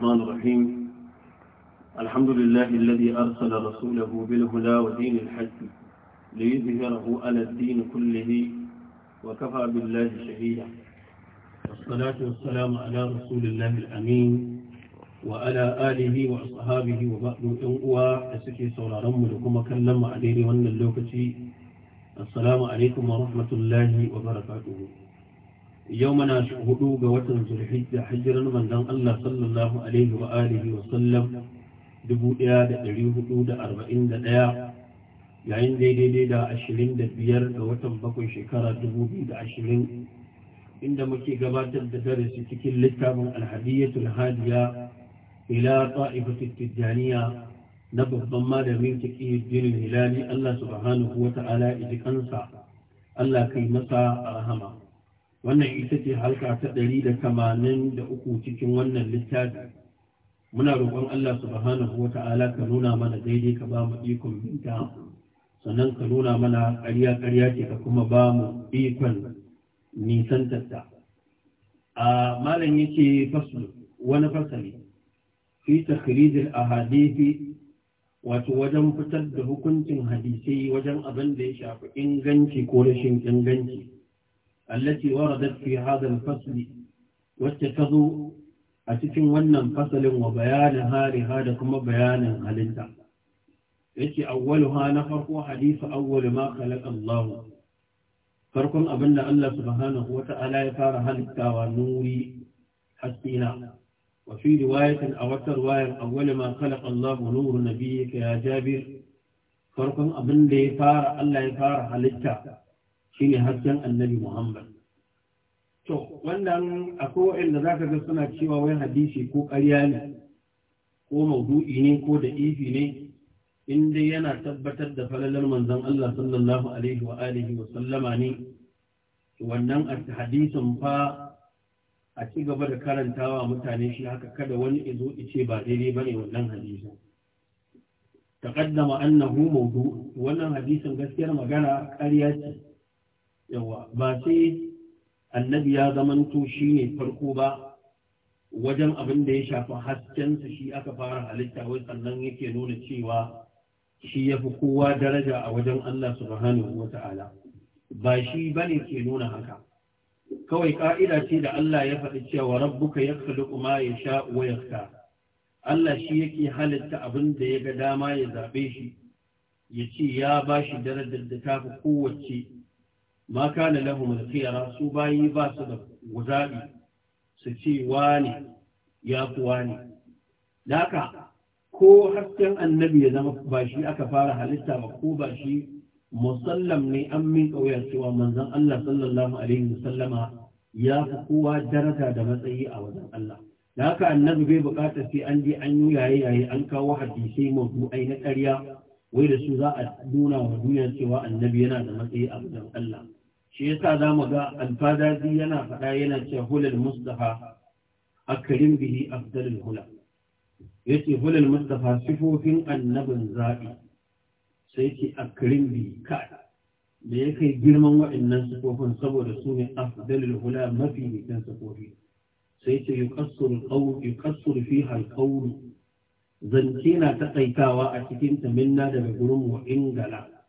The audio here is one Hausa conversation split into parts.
الرحمن الرحيم الحمد لله الذي أرسل رسوله بالهدى ودين الحج ليظهره على الدين كله وكفى بالله شهيدا والصلاة والسلام على رسول الله الأمين وعلى آله وأصحابه وبعد أنقوى أسكي سورا رم لكم كلم عليه وأن اللوكتي السلام عليكم ورحمة الله وبركاته yau mana hudu ga watan zulhijja hijiran manzon Allah sallallahu alaihi wa alihi wa sallam 1441 yayin daidai da 25 ga watan bakwai shekara 2020 inda muke gabatar da darasi cikin littafin alhadiyatul hadiya ila ta'ifatit tijaniya na babban malamin taqiyuddin hilali Allah subhanahu wa ta'ala idikansa Allah kai masa rahama wannan ita ce halka ta ɗari da tamanin da uku cikin wannan littafi muna roƙon Allah subhanahu wa ta'ala ka nuna mana daidai ka ba mu ikon binta sannan ka nuna mana ƙarya ƙarya ce ka kuma ba mu ikon nisan tatta a malam yake fasul wani fasali fi a ahadithi wato wajen fitar da hukuncin hadisai wajen abin da ya shafi inganci ko rashin inganci التي وردت في هذا الفصل واتخذوا أتكن ونن فصل وبيانها لهذا كما بيانا هلنتا يتي أولها نفرق حديث أول ما خلق الله فرق أبن الله سبحانه وتعالى يفار هلتا ونوري حسينا وفي رواية أو رواية أول ما خلق الله نور نبيك يا جابر فرق أبن ليفار الله يفار هلتا ne hasken annabi Muhammad to wannan akwai za ka ga suna cewa wai hadisi ko ƙarya ne ko maudu'i ne ko da ifi ne in dai yana tabbatar da falalar manzon Allah sallallahu alaihi wa alihi wa sallama ne wannan hadisin fa a ci gaba da karantawa mutane shi haka kada wani izo ice ba daidai ne wannan hadisin taqaddama annahu mawdu wannan hadisin gaskiyar magana ƙarya ce yawa ba sai annabi ya zamanto shi ne farko ba wajen abin da ya shafi haskensa shi aka fara halitta wai sannan yake nuna cewa shi ya fi kowa daraja a wajen Allah subhanahu wa ta'ala ba shi ba ne ke nuna haka kawai ƙa'ida ce da Allah ya faɗi cewa rabbuka ya kalli kuma ya sha wayarta. Allah shi yake halitta abin da ya ga dama ya zaɓe shi ya ce ya ba shi darajar da ta fi kowace ma kana lahum al su bayi ba su da guzabi su ce wani ya fi da daka ko hasken annabi ya zama ba shi aka fara halitta ba ko ba shi musallam ne an min kauya cewa manzon Allah sallallahu alaihi wasallama ya fi kowa daraja da matsayi a wajen Allah da haka annabi bai bukatar sai an je an yi yaye yaye an kawo hadisai mawdu'ai na ƙarya wai da su za a nuna wa duniya cewa annabi yana da matsayi a wajen Allah shi yasa za mu ga alfadazi yana faɗa yana cewa hulal mustafa akarin bihi afdalul hula yace hulal mustafa sifofin annabin zaɓi sai ce akarin bihi ka da ya kai girman waɗannan sifofin saboda su ne hula mafi nisan sifofi sai ce yukassur fi halƙauru zance na taƙaitawa a cikin minna daga gurin wa ingala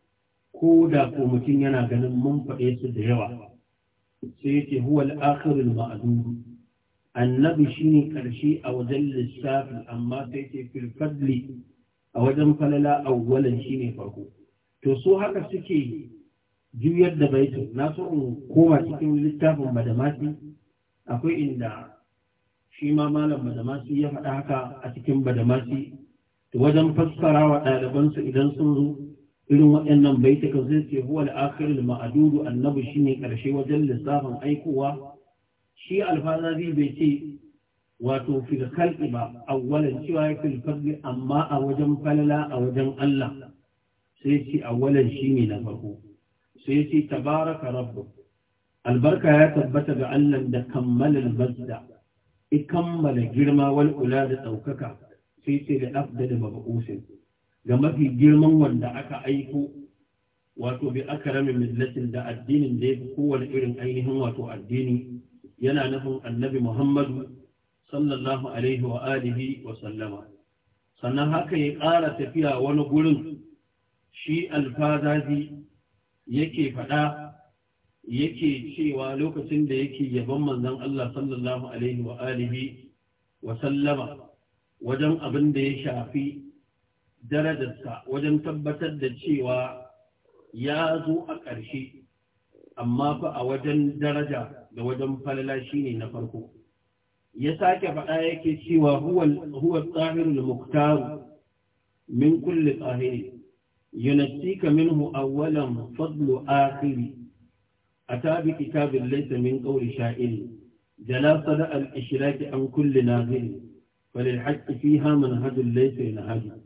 ko da ko mutum yana ganin mun faɗe su da yawa sai yake huwa al-akhirul ma'dud annabi shine karshe a wajen lissafi amma sai yake fil a wajen falala awwalan shine farko to so haka suke juyar da baitu na so in koma cikin littafin madamasi akwai inda shi ma malam madamasi ya faɗa haka a cikin madamasi wajen fassara wa ɗalibansu idan sun zo irin waɗannan baitukan sai ce huwa da akhirul ma'dudu annabi ne karshe wajen lissafin aikowa shi alfazazi bai ce wato fil ba awwalan cewa ya fil fadli amma a wajen falala a wajen Allah sai ce shi ne na farko sai ce tabaraka Rabbu. albarka ya tabbata ga Allah da kammala albazda i kammala girma wal kula da ɗaukaka, sai ce da afdal mabusin ga mafi girman wanda aka aiko wato bi akramin millatin da addinin da ya fi kowane irin ainihin wato addini yana nufin annabi Muhammadu sallallahu alaihi wa alihi wa sallama sannan haka ya ƙara tafiya wani gurin shi alfazazi yake faɗa yake cewa lokacin da yake yaban manzon Allah sallallahu alaihi wa alihi wa sallama wajen abin da ya shafi darajarsa wajen tabbatar da cewa ya zo a ƙarshe amma fa a wajen daraja da wajen falala ne na farko ya sake faɗa yake cewa huwa tsahirul muktaru min kulli tsahiri Yunastika minhu awwalan fadlu akhiri ata bi kitabin laysa min qawli sha'iri jala sada al-ishraki an kulli naziri falil haqqi fiha manhajul laysa nahajun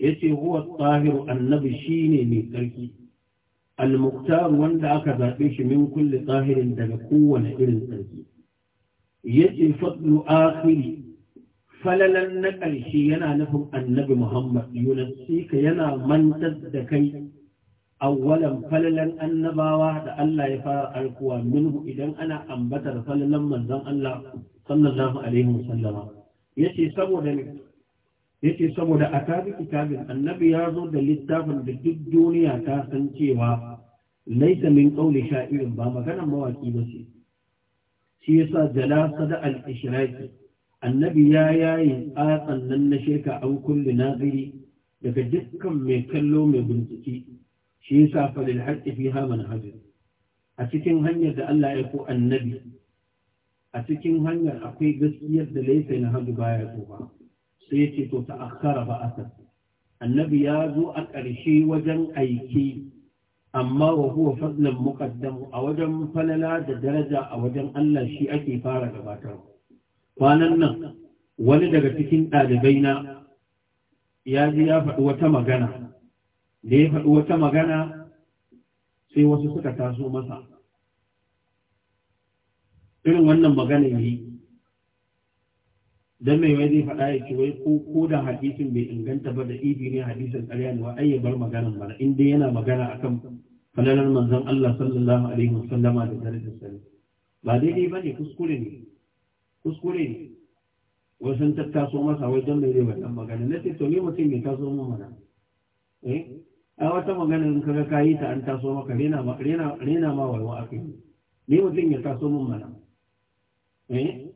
yace huwa tahir annabi shine mai tsarki al-muqtar wanda aka zabe shi min kulli tsahirin daga kowane irin tsarki yace fadlu akhiri falalan na ƙarshe yana nufin annabi Muhammad yunasika yana mantar da kai awwalan falalan annabawa da Allah ya fara alkuwa minhu idan ana ambatar falalan manzon Allah sallallahu alaihi wasallama yace saboda yake saboda a tafi kitabin annabi ya zo da littafin da duk duniya ta san cewa laisa min qawli sha'irin ba maganar mawaki ba ce shi yasa jalasa al-ishraqi annabi ya yayi tsatsan nan na sheka an kulli naziri daga dukkan mai kallo mai bincike shi yasa fa lil haqqi fiha a cikin hanyar da Allah ya ko annabi a cikin hanyar akwai gaskiyar da laisa na hadu baya ko ba sai ce to ta akhara ba asar annabi ya zo a ƙarshe wajen aiki amma wa huwa fadlan muqaddam a wajen falala da daraja a wajen Allah shi ake fara gabatar kwanan nan wani daga cikin ɗalibai na ya ji ya faɗi wata magana da ya faɗi wata magana sai wasu suka taso masa irin wannan magana ne. dan mai wani zai faɗa ya ce wai ko ko da hadisin bai inganta ba da ibi ne hadisin ƙarya ne wa ai bar magana mana in dai yana magana akan falalar manzon Allah sallallahu alaihi wasallam da darajar sa ba daidai ba ne kuskure ne kuskure ne wai sun tattaso masa wai dan mai zai faɗa magana na ce to ne mutum ya taso mu mana eh a wata magana in kaga kayi ta an taso maka rena ma rena rena ma wai wa akai ne mutum ya taso mun mana eh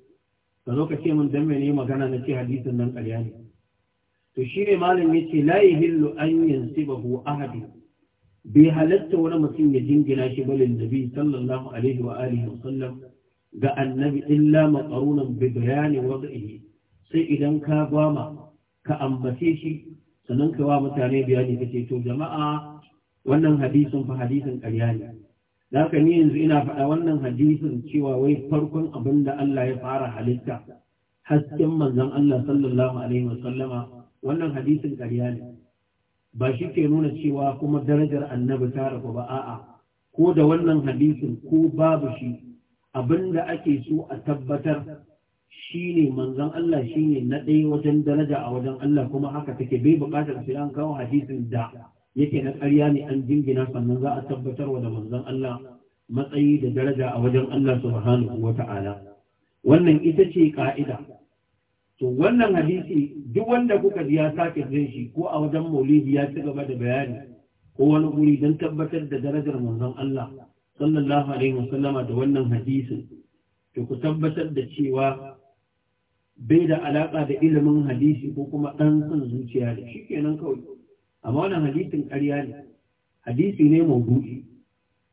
ka zo ka ce min dan magana na ce hadisin nan ƙarya ne to shi ne malam ya ce la yahillu an yansibahu Ahadi? bai halatta wani mutum ya jingina shi balin nabi sallallahu alaihi wa alihi wa sallam ga annabi illa maqarunan bi bayani wad'ihi sai idan ka gwama ka ambace shi sannan ka wa mutane bayani kace to jama'a wannan hadisin fa hadisin ƙarya ne haka ni yanzu ina faɗa wannan hadisin cewa wai farkon abin da Allah ya fara halitta hasken manzon Allah sallallahu alaihi wasallama wannan hadisin ƙarya ne ba shi ke nuna cewa kuma darajar annabi ta rabu ba a'a ko da wannan hadisin ko babu shi abinda ake so a tabbatar shi ne manzan Allah shi ne na ɗaya wajen daraja a wajen Allah kuma haka take bai buƙatar sai an kawo hadisin da yake na ƙarya ne an jingina sannan za a tabbatar wa da manzon Allah matsayi da daraja a wajen Allah subhanahu wa ta'ala wannan ita ce ka'ida to wannan hadisi duk wanda kuka ji ya sake jin shi ko a wajen maulidi ya ci gaba da bayani ko wani guri don tabbatar da darajar manzon Allah sallallahu alaihi wasallama da wannan hadisin to ku tabbatar da cewa bai da alaka da ilimin hadisi ko kuma ɗan son zuciya da shi kenan kawai amma wannan hadisin ƙarya ne hadisi ne mawdu'i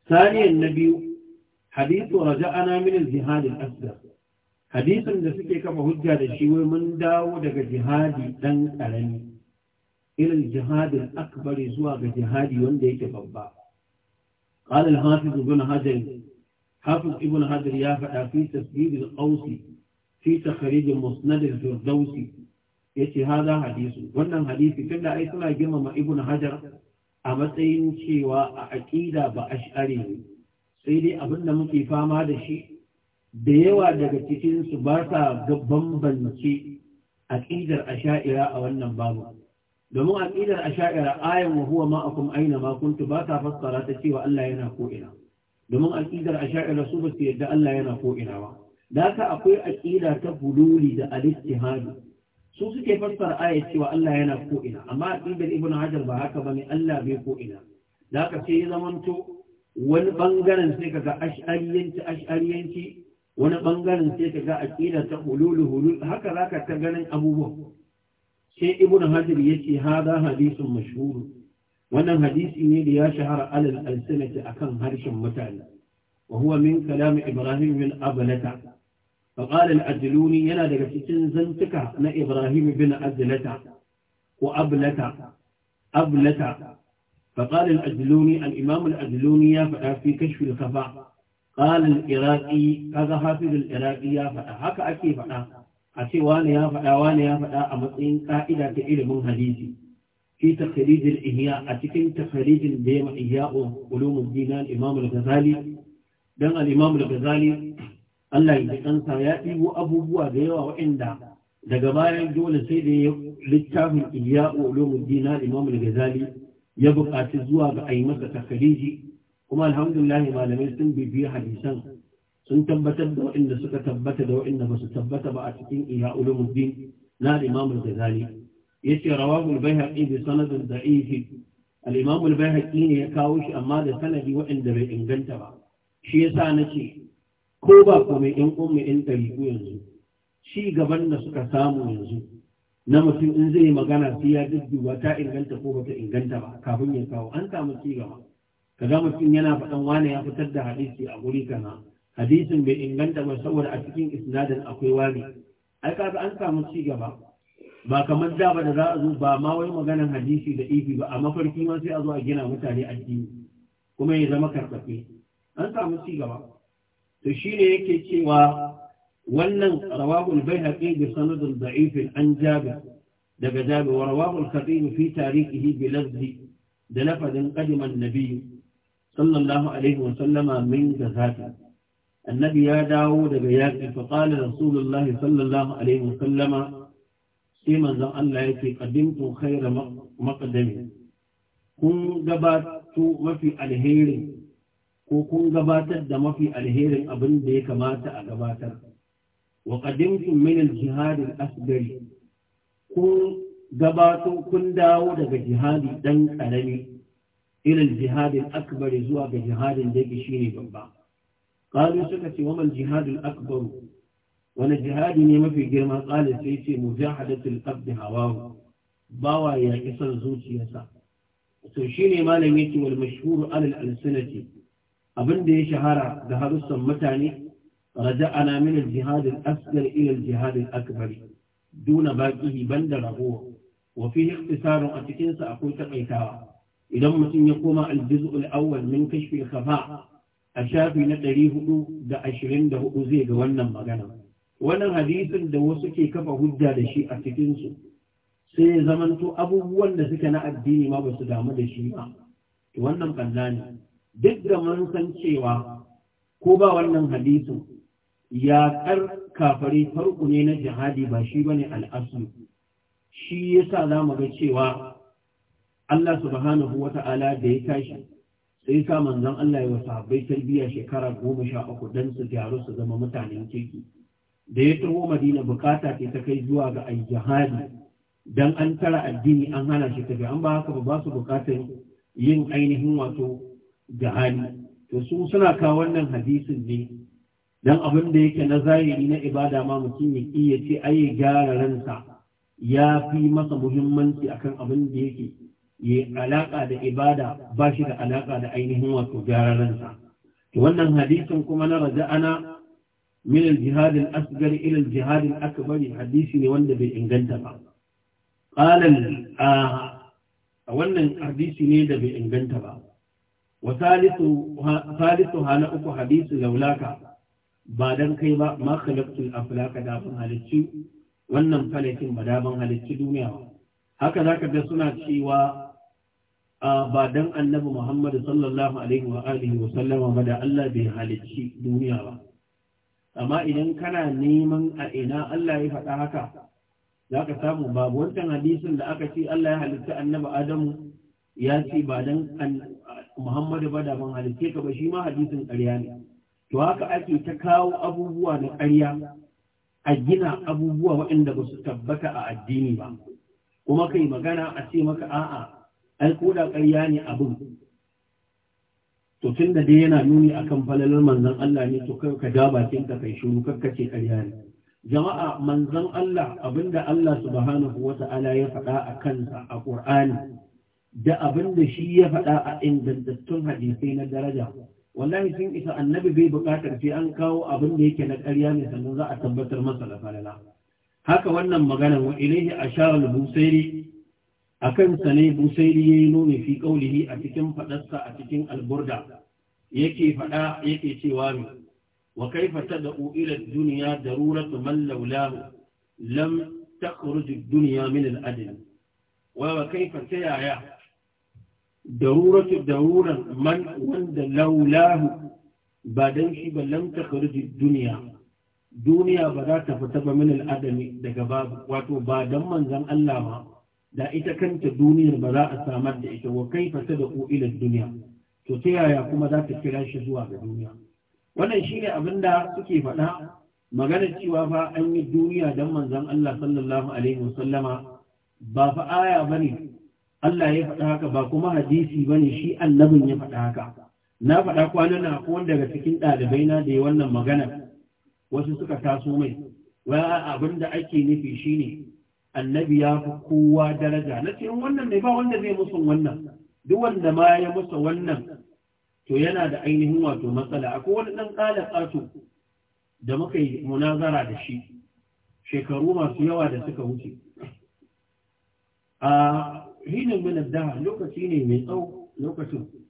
saniyan na biyu hadisu raja'ana min al-jihad al-asghar hadisin da suke kafa hujja da shi wai mun dawo daga jihadi dan karami Irin jihad al-akbar zuwa ga jihadi wanda yake babba قال الحافظ ابن حجر حافظ ابن حجر يا فدا في تسديد القوس في تخريج مسند الفردوسي yace haza hadisu wannan hadisi da ai suna girmama ibn hajar a matsayin cewa a aƙida ba ash'ari ne sai dai da muke fama da shi da yawa daga cikinsu su ba sa bambance aqidar a wannan babu domin aqidar ash'ira ayan wa huwa ma'akum aina ma kuntu ba ta fassara ta cewa Allah yana ko ina domin a Shaira, su ba su yadda Allah yana ko ina ba da haka akwai aƙida ta bululi da al-istihadi su suke fassara aya cewa Allah yana ko ina amma aqidar ibnu hajar ba haka bane Allah bai ko ina da ka sai zamanto wani bangaren sai ga ash'ariyanci ash'ariyanci wani bangaren sai ga aqida ta ululu hulul haka zaka ta ganin abubuwa sai ibnu hajar yace hada hadisun mashhur wannan hadisi ne da ya shahara alal a akan harshen mutane wa huwa min ibrahim bin abalata فقال العدلوني ينا دقا تنزل زنتك نا إبراهيم بن عدلتا وأبلتا أبلتا فقال العدلوني الإمام العدلوني يفعل في كشف الخفاء قال العراقي هذا حافظ العراقي يفعل هكا أكي فعل اكي وانا يفعل وانا يفعل أمطين قائدة علم حديثي في تخريج الإهياء أتكن تخريج الديم إهياء علوم الدين الإمام الغزالي دان الإمام الغزالي Allah ya kansa ya ɗigo abubuwa da yawa waɗanda daga bayan dole sai da ya littafin iya ulumuddin na Imam Al-Ghazali ya buƙaci zuwa ga yi masa takariji kuma alhamdulillah malamai sun bibiya hadisan sun tabbatar da waɗanda suka tabbata da waɗanda ba su tabbata ba a cikin iya ulumuddin na Imam Al-Ghazali yace ce al-Baihaqi bi sanadin da'if al-Imam al ne ya kawo shi amma da sanadi waɗanda bai inganta ba shi yasa ce. ko ba kome in umma in ɗariƙu yanzu shi gaban da suka samu yanzu na mutum in zai magana sai ya dudduba ta inganta ko bata inganta ba kafin ya kawo an samu ci gaba kaga mutum yana faɗan wane ya fitar da hadisi a guri kana hadisin bai inganta ba saboda a cikin isnadin akwai wani ai kaga an samu ci gaba ba kamar da ba da za a zo ba ma wai maganar hadisi da ifi ba a mafarki ma sai a zo a gina mutane addini kuma ya zama karɓaɓɓe an samu ci gaba to shi ne yake cewa wannan rawahul bai bi sanadin da'ifin an jabi daga jabir wa rawahul khatib fi tarihi bi lafzi da lafazin qadima annabi sallallahu alaihi wa sallama min gazata annabi ya dawo daga yaƙi fa qala rasulullahi sallallahu alaihi wa sallama sai manzon Allah ya ce ƙaddimtu kaira maqdami kun gabato mafi alherin ko kun gabatar da mafi alherin abin da ya kamata a gabatar wa qadimtum min jihadin jihad al kun gabato kun dawo daga jihadi dan karami ilal jihadin akbari zuwa ga jihadin da yake shine babba qalu suka ce wa mal jihad wani jihadi ne mafi girma qala sai ce mujahadatul abdi hawahu bawa ya kisan zuciyarsa to shine malami ce wal mashhur alal al abin da ya shahara da harussan mutane Raja'a min al-jihad al-asghar ila al-jihad al-akbar duna baqihi banda ragowa wa fi ikhtisarun a cikin sa akwai takaitawa idan mutum ya koma al-juz'u al-awwal min kashf al-khafa a shafi na 424 zai ga wannan magana wannan hadisin da wasu ke kafa hujja da shi a cikin su sai ya zamanto abubuwan da suke na addini ma ba su damu da shi ba wannan kalla ne duk da mun san cewa ko ba wannan hadisin yaƙar kafare farko ne na jihadi ba shi bane al'asu shi yasa za mu ga cewa Allah subhanahu wa da ya tashi sai sa manzon Allah ya wa sahabbai tarbiyya shekara goma sha uku dan su gyaru su zama mutanen kirki da ya taho Madina bukata ce ta kai zuwa ga ai jihadi dan an tara addini an hana shi tafi an ba haka ba su bukatar yin ainihin wato da hali to su suna kawo wannan hadisin ne dan abin da yake na zahiri na ibada ma mutum ya iya ce ai gyara ransa ya fi masa muhimmanci akan abin da yake ya alaka da ibada ba shi da alaka da ainihin wato gyara ransa to wannan hadisin kuma na raja'ana min al-jihad al-asghar ila al-jihad al-akbar hadisi ne wanda bai inganta ba qala a wannan hadisi ne da bai inganta ba wa salisuha na uku hadisu laulaka ba dan kai ba ma khalaqtul aflaka da ban halicci wannan falakin ba da ban halicci duniya ba haka zaka ga suna cewa ba dan annabi Muhammadu sallallahu alaihi wa alihi ba da Allah bai halicci duniya ba amma idan kana neman a ina Allah ya faɗa haka za ka samu babu wancan hadisin da aka ce Allah ya halitta annabi Adamu ya ce ba dan Muhammadu ba da ban halice ka ba shi ma hadisin ƙarya ne to haka ake ta kawo abubuwa na ƙarya a gina abubuwa waɗanda ba su tabbata a addini ba kuma kai magana a ce maka a'a ai ko da ƙarya ne abin to tun da dai yana nuni akan falalar manzon Allah ne to kai ka ja bakin ka kai shuru kakka ce ƙarya ne jama'a manzon Allah abinda Allah subhanahu ta'ala ya faɗa a kansa a Qur'ani da abin da shi ya faɗa a ingantattun hadisai na daraja wallahi sun isa annabi bai buƙatar sai an kawo abin da yake na ƙarya ne sannan za a tabbatar masa da falala haka wannan magana wa ilaihi ashara al-busairi akan sa ne busairi yayi nuni fi qawlihi a cikin fadarsa a cikin al-burda yake fada yake cewa ne wa kaifa tad'u ila ad-dunya daruratu man lawlahu lam takhruj ad-dunya min al-adl wa kaifa yaya? daruratu daruran man wanda laulahu ba dan shi ba lam takhruj duniya duniya ba za ta fita ba min al'adami daga babu wato ba dan manzon Allah ma da ita kanta duniyar ba za a samar da ita wa kaifa da ila duniya to yaya kuma za ta kira shi zuwa duniya wannan shine abin da suke faɗa maganar cewa fa an yi duniya dan manzon Allah sallallahu alaihi wasallama ba fa bane Allah ya faɗa haka ba kuma hadisi ba ne shi annabin ya faɗa haka na faɗa kwana na ko daga cikin ɗalibai na da ya wannan magana wasu suka taso mai waya abin da ake nufi shine annabi ya fi kowa daraja na ce wannan ne ba wanda zai musu wannan duk wanda ma ya musu wannan to yana da ainihin wato matsala akwai wani ɗan ƙala ƙato da muka yi munazara da shi shekaru masu yawa da suka wuce a hinin min da lokaci ne mai tsawo lokacin tun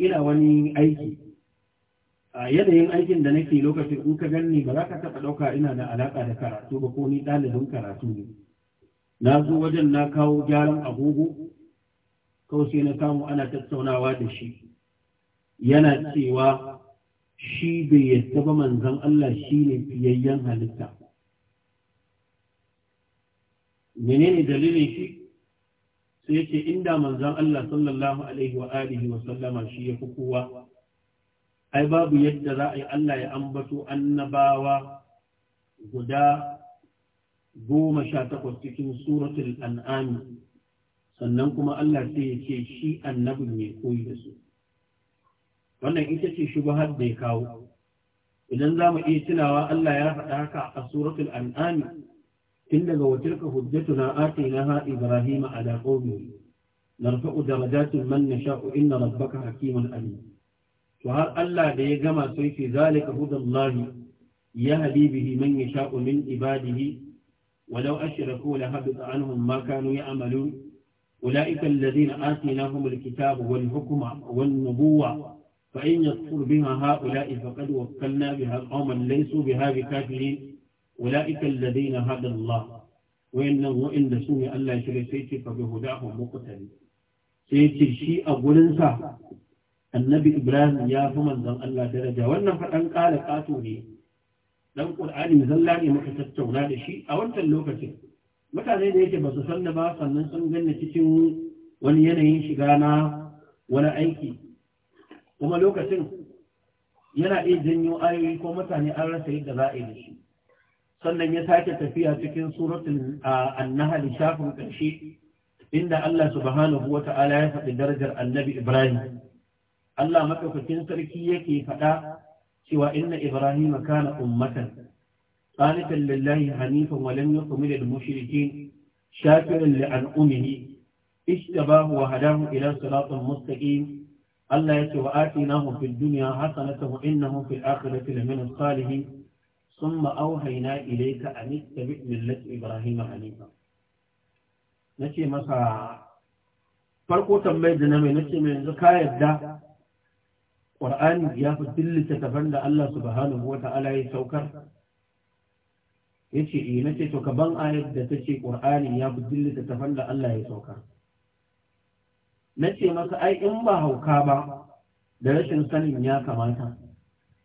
ina wani aiki a yanayin aikin da nake lokacin in ka ganni ba za ka taɓa ɗauka ina da alaƙa da karatu ba ko ni ɗalibin karatu ne na zo wajen na kawo gyaran agogo kawai sai na samu ana tattaunawa da shi yana cewa shi bai yadda ba manzan Allah shi ne fiyayyen halitta menene dalilin shi sai yake inda manzan Allah sallallahu alaihi wa alihi wa sallama shi ya fi kowa ai babu yadda za a yi Allah ya ambato annabawa guda goma sha takwas cikin suratul an'ami sannan kuma Allah sai ya ce shi annabi ne koyi da su wannan ita ce shubahar da ya kawo idan za mu iya tunawa Allah ya faɗa haka a suratul an'ami إلا لو تلك حجتنا آتيناها إبراهيم على قومه نرفع درجات من نشاء إن ربك حكيم عليم وهل ألا ليجمع في ذلك هدى الله يهدي به من يشاء من عباده ولو أشركوا لهبط عنهم ما كانوا يعملون أولئك الذين آتيناهم الكتاب والحكم والنبوة فإن يكفر بها هؤلاء فقد وكلنا بها قوما ليسوا بها بكافرين ulaika alladhina hada Allah wa innahu wa inda sunni Allah shi sai ce fa hudahum muqtali sai ce shi a gurin sa annabi ibrahim ya fi manzon Allah daraja wannan faɗan kala kato ne dan ƙur'ani zalla ne muka tattauna da shi a wannan lokacin mutane da yake ba su san da ba sannan sun ganna cikin wani yanayin shiga na wani aiki kuma lokacin yana iya janyo ayoyi ko mutane an rasa yadda za a yi da shi sannan ya sake tafiya cikin suratul an-nahl shafin karshe inda Allah subhanahu wata'ala ya faɗi darajar annabi Ibrahim Allah madaukakin sarki yake faɗa cewa inna Ibrahim kana ummatan qanitan lillahi hanifan wa lam yakun minal mushrikeen shakiran li an'umihi ishtabahu wa hadahu ila siratin mustaqim Allah yake wa atinahu fid dunya hasanatan wa innahu fil akhirati lamin as-salihin ثم أوحينا إليك أن اتبع ملة إبراهيم حنيفا نتي مسا farko tambayar da na mai nace mai yanzu ka yadda ya fi dillita tafan da Allah ya saukar yace eh nace to ka ban da tace ƙwar'ani ya fi dillita ta da Allah ya saukar nace masa ai in ba hauka ba da rashin sanin ya kamata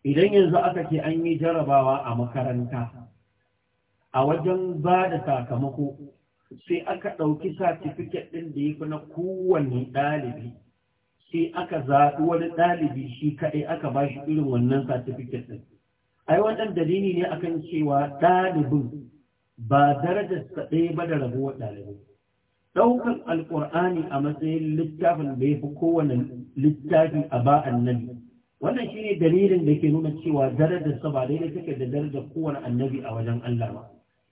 idan yanzu aka ce an yi jarabawa a makaranta a wajen ba da sakamako sai aka ɗauki satifiket ɗin da ya fi na kowane ɗalibi sai aka zaɓi wani ɗalibi shi kaɗai aka ba shi irin wannan satifiket ɗin ai wannan dalili ne akan cewa ɗalibin ba darajar sa ɗaya ba da rabuwar ɗalibi ɗaukar alƙur'ani a matsayin littafin da ya fi kowane littafi a ba annabi wannan shine dalilin da ke nuna cewa darajar sa ba daidai take da darajar kowane annabi a wajen Allah ba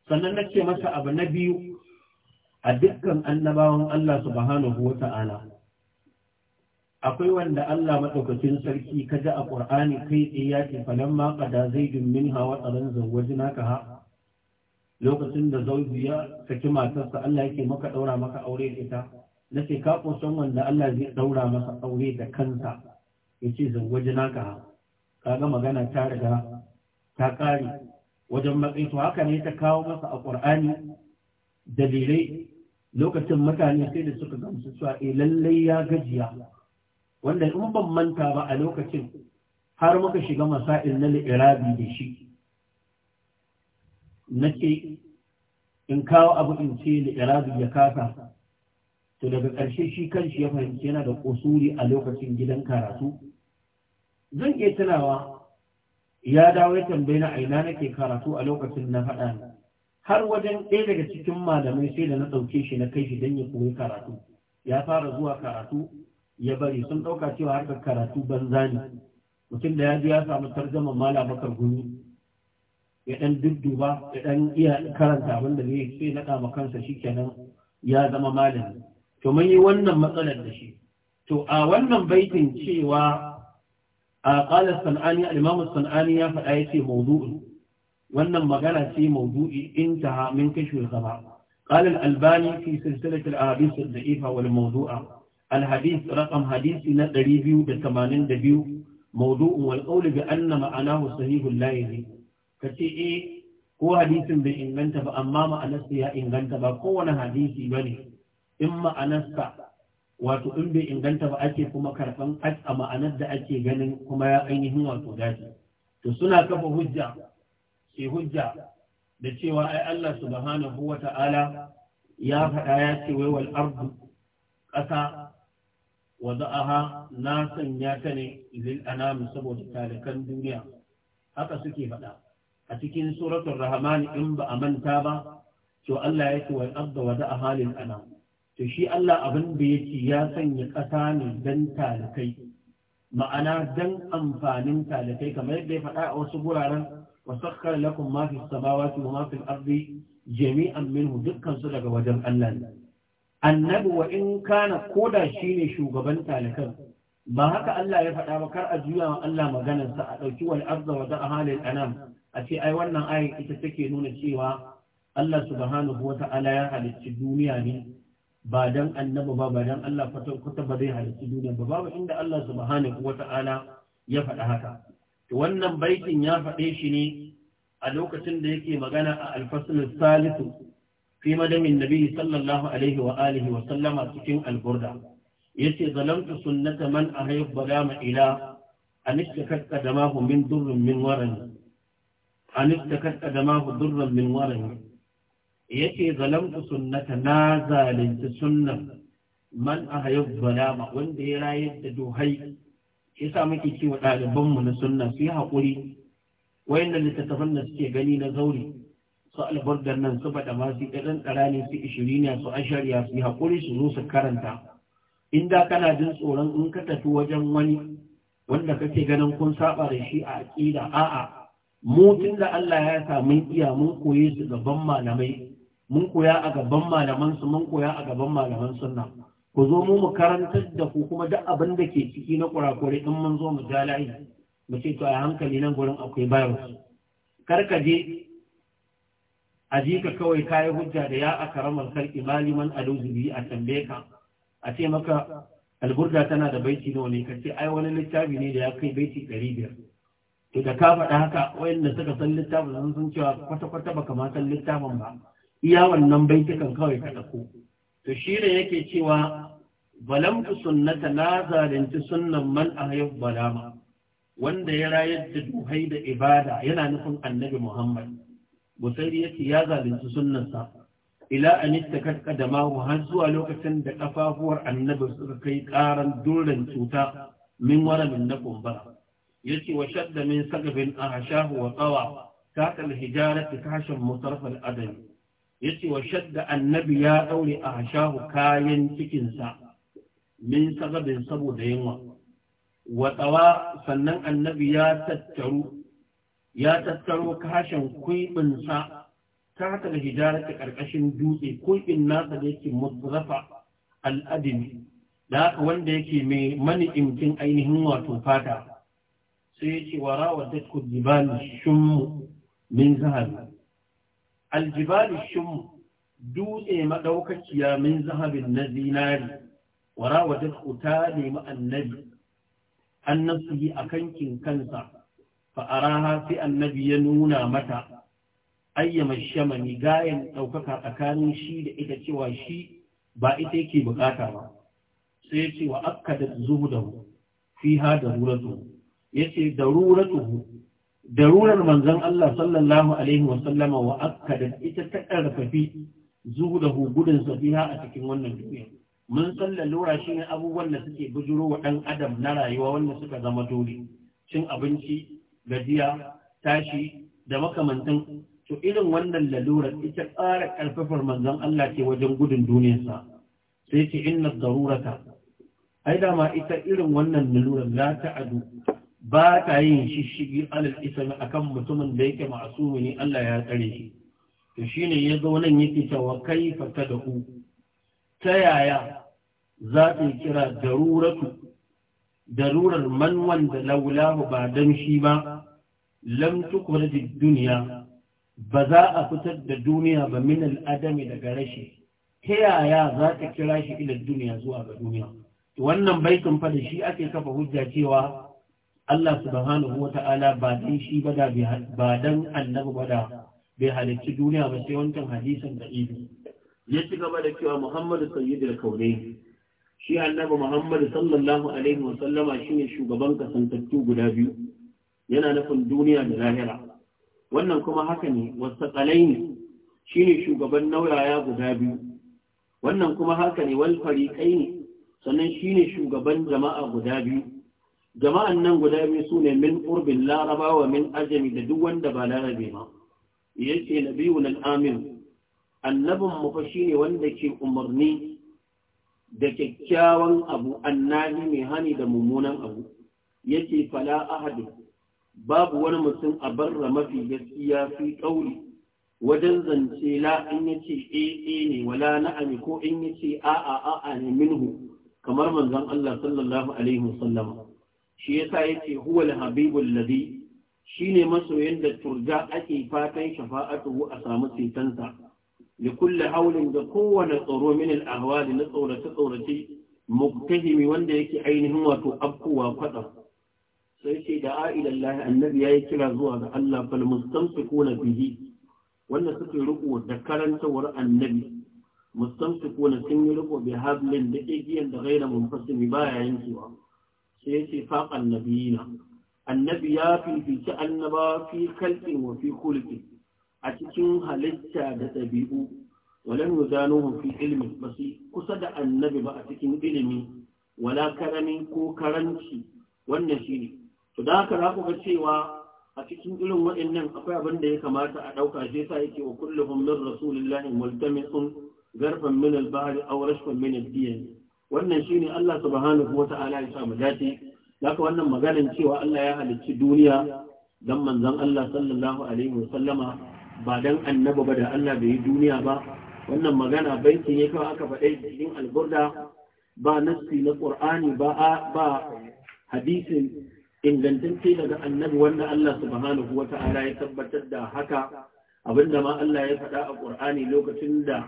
sannan na ce masa abu na biyu a dukkan annabawan Allah subhanahu Ta'ala. akwai wanda Allah maɗaukacin sarki kaji a Kur'ani kai tsaye ya ce zai qada hawa tsaron zawaji na ka ha lokacin da zauji ya saki matarsa Allah yake maka ɗaura maka aure da ita nace ka kusan wanda Allah zai ɗaura masa aure da kansa ya ce zawwaji Ka kaga magana ta riga ta ƙare wajen matsayi to haka ne ta kawo masa a ƙur'ani dalilai lokacin mutane sai da suka gamsu cewa eh lallai ya gajiya wanda in ban manta ba a lokacin har muka shiga masa'il na li'irabi da shi nace in kawo abu in ce li'irabi ya kasa to daga ƙarshe shi kanshi ya fahimci yana da ƙusuri a lokacin gidan karatu zan iya tunawa ya dawo ya tambayi na aina nake karatu a lokacin na faɗa har wajen ɗaya daga cikin malamai sai da na ɗauke shi na kai shi don ya koyi karatu ya fara zuwa karatu ya bari sun ɗauka cewa harkar karatu banza ne mutum da ya ji ya samu tarjaman mala bakar gumi ya ɗan dudduba ya ɗan iya karanta abin da zai sai naɗa ma kansa shi kenan ya zama malami to mun yi wannan matsalar da shi to a wannan baitin cewa قال الصنعاني الإمام الصنعاني فآيتي موضوع وأن مغانا في موضوع انتهى من كشف الغباء قال الألباني في سلسلة الأحاديث الضعيفة والموضوعة الحديث رقم حديث نتريبيو بثمانين دبيو موضوع والقول بأن معناه صحيح لا يجي كتي إيه هو حديث بإنغنت فأمام أنس يا إنغنت فكون حديث بني إما أنس wato in bai inganta ba ake kuma karɓan a ma'anar da ake ganin kuma ya ainihin wato dace to suna kafa hujja sai hujja da cewa ai Allah subhanahu wa ta'ala ya faɗa ya ce wai wal ardu ƙasa wa za'aha na sanya ta ne lil anam saboda talikan duniya haka suke faɗa a cikin suratul rahman in ba a manta ba to Allah ya ce wal ardu wa za'aha lil to shi Allah abin da yake ya sanya ƙasa ne don talakai ma'ana don amfanin talakai kamar yadda ya faɗa a wasu guraren wasakkar lakun ma fi samawati wa ma jami'an minhu dukkan su daga wajen Allah ne annabi wa in kana koda shine shugaban talakan ba haka Allah ya faɗa ba kar a juya wa Allah maganarsa a ɗauki wal arda wa da halin anam a ce ai wannan ayin ita take nuna cewa Allah subhanahu ta'ala ya halicci duniya ne ba don annabi ba ba dan Allah kwatan kwata ba zai halittu duniya ba babu inda Allah subhanahu wata'ala ya faɗa haka to wannan baitin ya faɗe shi ne a lokacin da yake magana a alfasul salisu fi madamin nabi sallallahu alaihi wa alihi wa sallama cikin alburda yace zalamtu sunnata man ahayyu balama ila an istakat qadamahu min durrin min waran an istakat qadamahu durran min waran yace zalamtu sunnata na zalunci sunnan man ahayyu zalama wanda ya rayar da duhai yasa muke cewa ɗaliban mu na sunna su yi haƙuri wayannan littattafan da suke gani na zauri su albardan nan su masu ma su ɗan ɗara ne su ya su ashariya su yi haƙuri su zo su karanta in da kana jin tsoron in ka tafi wajen wani wanda kake ganin kun saba da shi a aƙida a'a mu tun da Allah ya sa mun iya mun koye su gaban malamai mun koya a gaban malaman su mun koya a gaban malaman sunna ku zo mu mu karantar da ku kuma duk abin da ke ciki na kurakure in mun zo mu ja layi mu ce to a hankali nan gurin akwai virus kar ka je a ji ka kawai kayi hujja da ya a karamar sarki maliman aluzubi a tambaye ka a ce maka alburda tana da baiti nawa ne ka ce ai wani littafi ne da ya kai baiti ɗari biyar to da ka faɗa haka wayanda suka san littafin sun san cewa kwata-kwata baka ma san littafin ba iya wannan baitukan kawai ka ɗauko to shi ne yake cewa balamtu sunnata na zalunci sunnan man ahyab balama wanda ya rayar da duhai da ibada yana nufin annabi Muhammad. Busairi yake ya zalunci sunansa. ila an ta karkada mahu har zuwa lokacin da kafafuwar annabi suka kai ƙaran durin cuta min waramin na kumbara. Ya ce wa shadda min sagabin a hashahu wa tsawa, ta hijara ta tashin mutarfar adami. yace wa shadda annabi ya daure a hashahu kayan cikinsa min sababin saboda yunwa wa tsawa sannan annabi ya tattaru ya tattaro kashin kuibinsa ta haka da ta ƙarƙashin dutse kuibin nasa da yake mutrafa al'adini da haka wanda yake mai mani imkin ainihin wato fata sai ya ce wa rawa ta kujibali shummu min zahar. aljibalu shummu dutse madaukakiya min zahabin na zinari wara wajen ta nemi annabi annabci a kankin kansa fa'araha sai annabi ya nuna mata ayyama shamani gayan ɗaukaka tsakanin shi da ita cewa shi ba ita yake bukata ba sai ya ce wa akka da zuhudahu fi ha da ruratuhu ya ce da ruratuhu darurar manzon Allah sallallahu alaihi wa sallama wa ita ta karfafi zuhudahu gudun safiha a cikin wannan duniya mun san lalura ne abubuwan da suke bujuro wa dan adam na rayuwa wanda suka zama dole cin abinci gajiya tashi da makamantan to irin wannan lalurar ita ƙara ƙarfafar manzon Allah ce wajen gudun duniyarsa sai ce inna darurata ai ma ita irin wannan za ta adu ba ta yin shishigi alal isami akan mutumin da yake ma'asumi ne Allah ya tsare shi to shine ya zo nan yake cewa kaifa tad'u ta yaya za ta kira daruratu darurar man wanda laulahu ba dan shi ba lam tukhrij duniya ba za a fitar da duniya ba min al'adami daga rashi ta yaya za ta kira shi ila duniya zuwa ga duniya wannan baitin fa da shi ake kafa hujja cewa Allah subhanahu wa ta'ala ba dan shi ba da ba dan annabi ba da bai halicci duniya ba sai wancan hadisin da ibi ya ci gaba da cewa Muhammadu sayyidul kaune shi annabi Muhammadu sallallahu alaihi wa sallama shine shugaban kasantattu guda biyu yana nufin duniya da lahira wannan kuma haka ne wasaqalaini shine shugaban nauyaya guda biyu wannan kuma haka ne wal fariqaini sannan shine shugaban jama'a guda biyu jama'an nan guda biyu su ne min ƙurbin larabawa min ajami da duk wanda ba larabe ba ya ce na biyu nan amin annabin mafa shi ne wanda ke umarni da kyakkyawan abu annabi mai hani da mummunan abu ya ce fala ahadu babu wani mutum a barra mafi gaskiya fi ƙauri. wajen zance la in ya ce eh, eh ne wala na'ami ko in ya ce a'a a'a ne minhu kamar manzon Allah sallallahu alaihi wasallama shi yasa yake huwal habibul shi shine masoyin da turja ake fatan shafa'atuhu a samu cetonsa li kulle haulin da kowane tsoro min al na tsorace tsorace muktahimi wanda yake ainihin wato abkuwa kwada sai ce da a'ilallahi annabi yi kira zuwa ga Allah fal mustamsikuna bihi wanda suke riko da karantawar annabi mustamsikuna sun yi riko bi hablin da igiyan da gaira munfasimi baya yankewa sai yake faƙan nabiyina annabi ya fifici annaba fi kalƙin wa fi kulƙin a cikin halitta da ɗabi'u walan yuzanuhu fi ilmin ba su kusa da annabi ba a cikin ilimi wala karami ko karanci wannan ne. to da haka za ku ga cewa a cikin irin waɗannan akwai abin da ya kamata a ɗauka shi yasa yake wa kulluhum min rasulillahi multamisun garfan min al-bahri aw rashfan min ad wannan shine Allah subhanahu Ta'ala ya samu mu dace haka wannan maganin cewa Allah ya halicci duniya dan manzon Allah sallallahu alaihi wasallama ba dan annabi ba da Allah bai yi duniya ba wannan magana baiti ne kawai aka faɗai cikin alburda ba nassi na Qur'ani ba ba hadisin ingantacce daga annabi wanda Allah subhanahu Ta'ala ya tabbatar da haka abinda ma Allah ya faɗa a Qur'ani lokacin da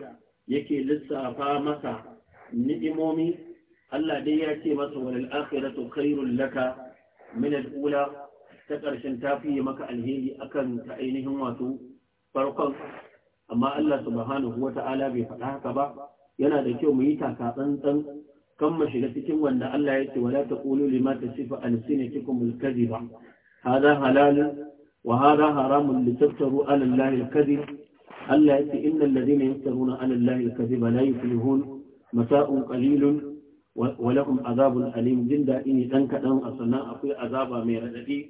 yake lissafa masa ni'imomi Allah dai ya ce masa walil akhiratu khairul laka min al-ula ta ƙarshen ta fiye maka alheri akan ta ainihin wato farkon amma Allah subhanahu Wata'ala ta'ala bai faɗa haka ba yana da kyau mu yi taka tsantsan kan mu shiga cikin wanda Allah ya ce wala taqulu lima tasifu alsinatukum al-kadhiba hadha halalun wa hadha haramun litaftaru ala Allah al-kadhib Allah ya ce innal ladhina yaftaruna ala Allah al-kadhiba la yuflihun masa'un ƙalilun wa lahum azabun alim jin daɗi ne dan kaɗan a sannan akwai azaba mai raɗaɗi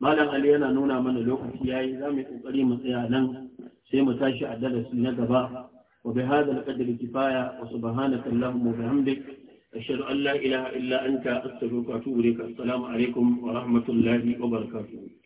malam ali yana nuna mana lokaci yayi za mu yi ƙoƙari mu tsaya nan sai mu tashi a darasi na gaba wa bi hadha al-qadri kifaya wa subhanaka allahumma wa bihamdika أشهد أن لا إله إلا wa أستغفرك وأتوب إليك السلام عليكم ورحمة wa وبركاته